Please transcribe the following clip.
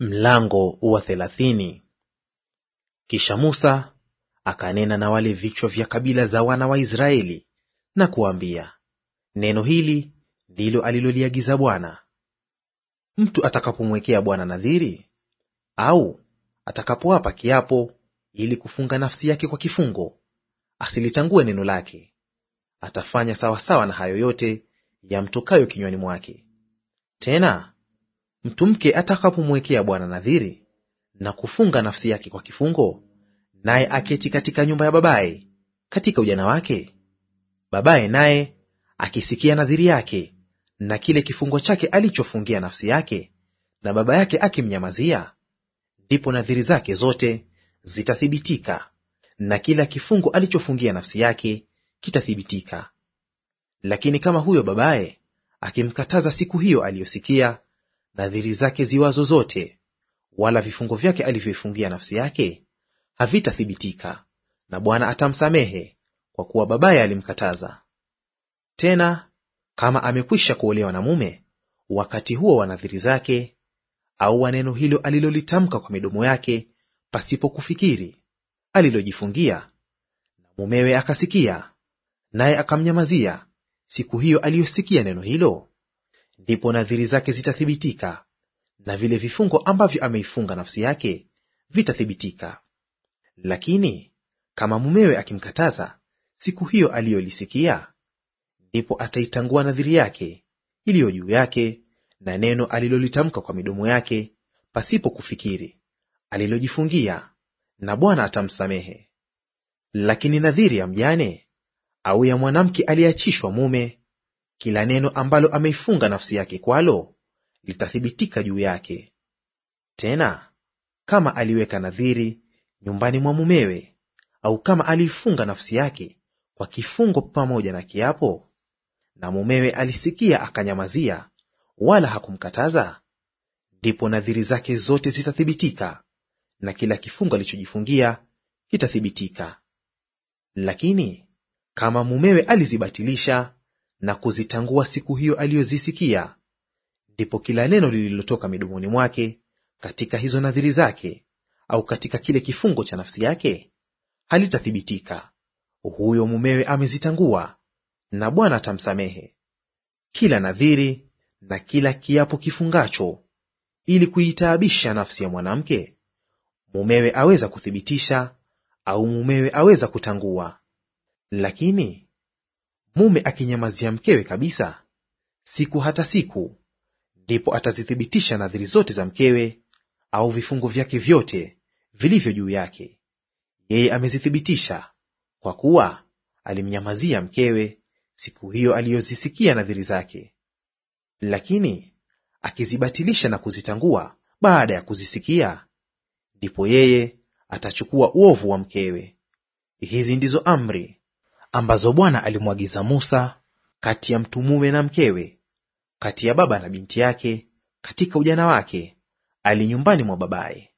Mlango wa thelathini. Kisha Musa akanena na wale vichwa vya kabila za wana wa Israeli na kuambia, neno hili ndilo aliloliagiza Bwana. Mtu atakapomwekea Bwana nadhiri au atakapoapa kiapo ili kufunga nafsi yake kwa kifungo, asilitangue neno lake; atafanya sawasawa na hayo yote yamtokayo kinywani mwake. Tena Mtu mke atakapomwekea Bwana nadhiri na kufunga nafsi yake kwa kifungo, naye aketi katika nyumba ya babaye katika ujana wake, babaye naye akisikia nadhiri yake na kile kifungo chake alichofungia nafsi yake, na baba yake akimnyamazia, ndipo nadhiri zake zote zitathibitika, na kila kifungo alichofungia nafsi yake kitathibitika. Lakini kama huyo babaye akimkataza siku hiyo aliyosikia nadhiri zake ziwazo zote, wala vifungo vyake alivyoifungia nafsi yake havitathibitika, na Bwana atamsamehe, kwa kuwa babaye alimkataza. Tena kama amekwisha kuolewa na mume wakati huo wa nadhiri zake, au wa neno hilo alilolitamka kwa midomo yake pasipo kufikiri, alilojifungia, na mumewe akasikia, naye akamnyamazia siku hiyo aliyosikia neno hilo, ndipo nadhiri zake zitathibitika, na vile vifungo ambavyo ameifunga nafsi yake vitathibitika. Lakini kama mumewe akimkataza siku hiyo aliyolisikia, ndipo ataitangua nadhiri yake iliyo juu yake na neno alilolitamka kwa midomo yake pasipo kufikiri, alilojifungia, na Bwana atamsamehe. Lakini nadhiri ya mjane au ya mwanamke aliyeachishwa mume kila neno ambalo ameifunga nafsi yake kwalo litathibitika juu yake. Tena kama aliweka nadhiri nyumbani mwa mumewe, au kama aliifunga nafsi yake kwa kifungo pamoja na kiapo, na mumewe alisikia akanyamazia, wala hakumkataza, ndipo nadhiri zake zote zitathibitika, na kila kifungo alichojifungia kitathibitika. Lakini kama mumewe alizibatilisha na kuzitangua siku hiyo aliyozisikia, ndipo kila neno lililotoka midomoni mwake katika hizo nadhiri zake au katika kile kifungo cha nafsi yake halitathibitika. Huyo mumewe amezitangua, na Bwana atamsamehe kila nadhiri na kila kiapo kifungacho ili kuitaabisha nafsi ya mwanamke, mumewe aweza kuthibitisha au mumewe aweza kutangua. Lakini Mume akinyamazia mkewe kabisa siku hata siku, ndipo atazithibitisha nadhiri zote za mkewe au vifungo vyake vyote vilivyo juu yake; yeye amezithibitisha, kwa kuwa alimnyamazia mkewe siku hiyo aliyozisikia nadhiri zake. Lakini akizibatilisha na kuzitangua baada ya kuzisikia, ndipo yeye atachukua uovu wa mkewe. Hizi ndizo amri ambazo Bwana alimwagiza Musa, kati ya mtu mume na mkewe, kati ya baba na binti yake, katika ujana wake, ali nyumbani mwa babaye.